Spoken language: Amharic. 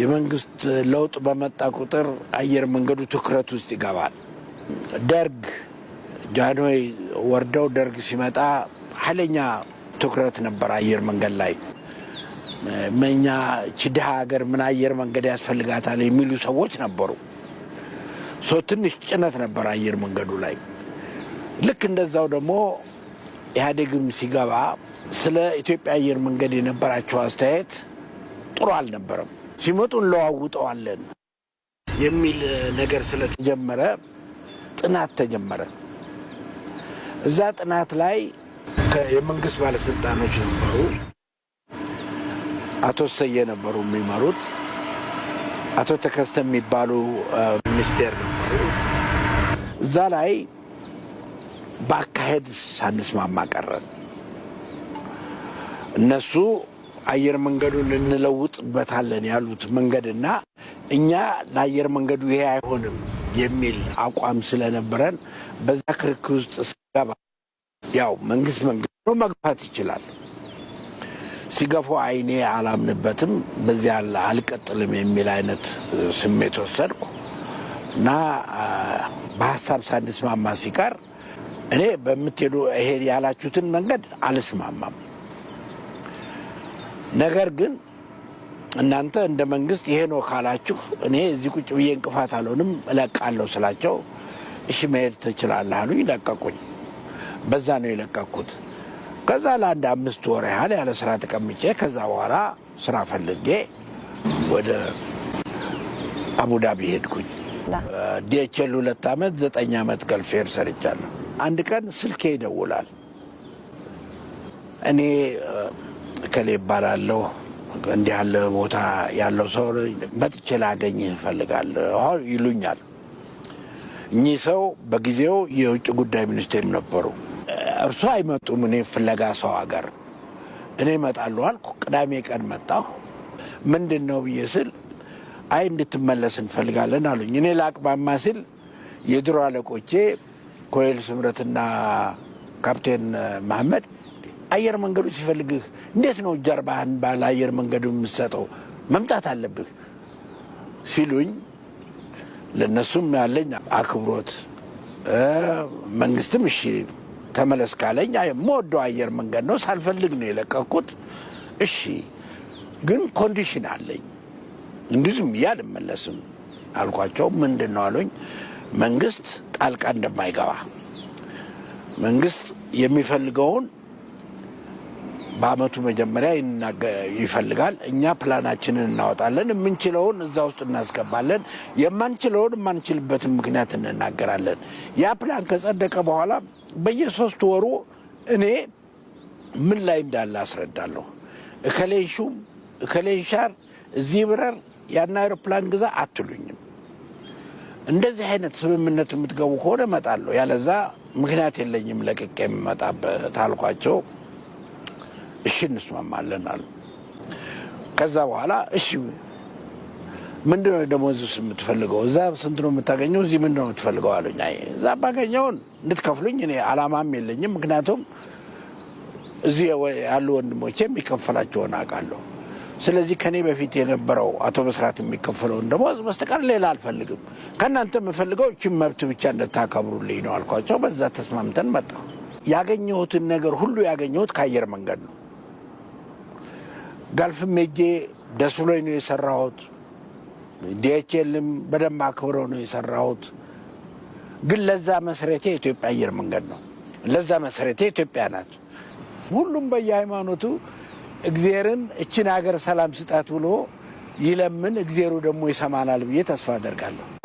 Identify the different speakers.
Speaker 1: የመንግስት ለውጥ በመጣ ቁጥር አየር መንገዱ ትኩረት ውስጥ ይገባል። ደርግ ጃንሆይ ወርደው ደርግ ሲመጣ ኃይለኛ ትኩረት ነበር አየር መንገድ ላይ። መኛ ችድሃ ሀገር ምን አየር መንገድ ያስፈልጋታል የሚሉ ሰዎች ነበሩ። ትንሽ ጭነት ነበር አየር መንገዱ ላይ። ልክ እንደዛው ደግሞ ኢህአዴግም ሲገባ ስለ ኢትዮጵያ አየር መንገድ የነበራቸው አስተያየት ጥሩ አልነበረም። ሲመጡ እንለዋውጠዋለን የሚል ነገር ስለተጀመረ ጥናት ተጀመረ። እዛ ጥናት ላይ የመንግስት ባለስልጣኖች ነበሩ። አቶ ሰየ ነበሩ የሚመሩት። አቶ ተከስተ የሚባሉ ሚኒስቴር ነበሩ። እዛ ላይ በአካሄድ ሳንስማማ ቀረን። እነሱ አየር መንገዱን እንለውጥበታለን ያሉት መንገድና እኛ ለአየር መንገዱ ይሄ አይሆንም የሚል አቋም ስለነበረን በዛ ክርክር ውስጥ ስገባ ያው መንግስት መንገድ ነው መግፋት ይችላል። ሲገፉ አይኔ አላምንበትም፣ በዚያ አልቀጥልም የሚል አይነት ስሜት ወሰድኩ እና በሀሳብ ሳንስማማ ሲቀር እኔ በምትሄዱ ይሄ ያላችሁትን መንገድ አልስማማም ነገር ግን እናንተ እንደ መንግስት ይሄ ነው ካላችሁ እኔ እዚህ ቁጭ ብዬ እንቅፋት አልሆንም እለቃለሁ ስላቸው እሺ መሄድ ትችላለህ አሉኝ። ለቀቁኝ። በዛ ነው የለቀኩት። ከዛ ለአንድ አምስት ወር ያህል ያለ ስራ ተቀምጬ ከዛ በኋላ ስራ ፈልጌ ወደ አቡዳቢ ሄድኩኝ። ዲኤችኤል ሁለት ዓመት ዘጠኝ ዓመት ገልፌር ሰርቻለሁ። አንድ ቀን ስልኬ ይደውላል እኔ እከሌ ይባላለሁ እንዲህ ያለ ቦታ ያለው ሰው መጥቼ ላገኝ እፈልጋለሁ ይሉኛል። እኚህ ሰው በጊዜው የውጭ ጉዳይ ሚኒስቴር ነበሩ። እርሱ አይመጡም፣ እኔ ፍለጋ ሰው ሀገር እኔ እመጣለሁ አልኩ። ቅዳሜ ቀን መጣሁ። ምንድን ነው ብዬ ስል አይ እንድትመለስ እንፈልጋለን አሉኝ። እኔ ለአቅማማ ስል የድሮ አለቆቼ ኮሎኔል ስምረትና ካፕቴን መሐመድ አየር መንገዱ ሲፈልግህ እንዴት ነው ጀርባህን ባለ አየር መንገዱ የምትሰጠው? መምጣት አለብህ ሲሉኝ ለእነሱም ያለኝ አክብሮት መንግስትም እሺ ተመለስ ካለኝ የምወደው አየር መንገድ ነው። ሳልፈልግ ነው የለቀኩት። እሺ ግን ኮንዲሽን አለኝ እንዲህ ዝም ብዬ አልመለስም አልኳቸው። ምንድን ነው አሉኝ። መንግስት ጣልቃ እንደማይገባ መንግስት የሚፈልገውን በአመቱ መጀመሪያ ይፈልጋል። እኛ ፕላናችንን እናወጣለን። የምንችለውን እዛ ውስጥ እናስገባለን። የማንችለውን የማንችልበትን ምክንያት እንናገራለን። ያ ፕላን ከጸደቀ በኋላ በየሶስት ወሩ እኔ ምን ላይ እንዳለ አስረዳለሁ። እከሌንሹም እከሌንሻር እዚህ ብረር ያን አይሮፕላን ግዛ አትሉኝም። እንደዚህ አይነት ስምምነት የምትገቡ ከሆነ እመጣለሁ፣ ያለዛ ምክንያት የለኝም ለቅቄ የምመጣበት አልኳቸው። እሺ እንስማማለን አሉ። ከዛ በኋላ እሺ ምንድን ነው ደግሞ የምትፈልገው? እዛ ስንት ነው የምታገኘው? እዚህ ምንድን ነው የምትፈልገው አሉኝ። አይ እዛ ባገኘውን እንድትከፍሉኝ እኔ አላማም የለኝም። ምክንያቱም እዚህ ያሉ ወንድሞቼ የሚከፈላቸውን አውቃለሁ። ስለዚህ ከኔ በፊት የነበረው አቶ መስራት የሚከፈለውን ደሞዝ በስተቀር ሌላ አልፈልግም። ከእናንተ የምፈልገው እችን መብት ብቻ እንደታከብሩልኝ ነው አልኳቸው። በዛ ተስማምተን መጣሁ። ያገኘሁትን ነገር ሁሉ ያገኘሁት ከአየር መንገድ ነው። ጋልፍም ሄጄ ደስ ብሎኝ ነው የሰራሁት። ዲኤችኤልም በደንብ አክብረው ነው የሰራሁት። ግን ለዛ መሰረቴ የኢትዮጵያ አየር መንገድ ነው። ለዛ መሰረቴ ኢትዮጵያ ናት። ሁሉም በየሃይማኖቱ እግዜርን እችን ሀገር ሰላም ስጣት ብሎ ይለምን፣ እግዜሩ ደግሞ ይሰማናል ብዬ ተስፋ አደርጋለሁ።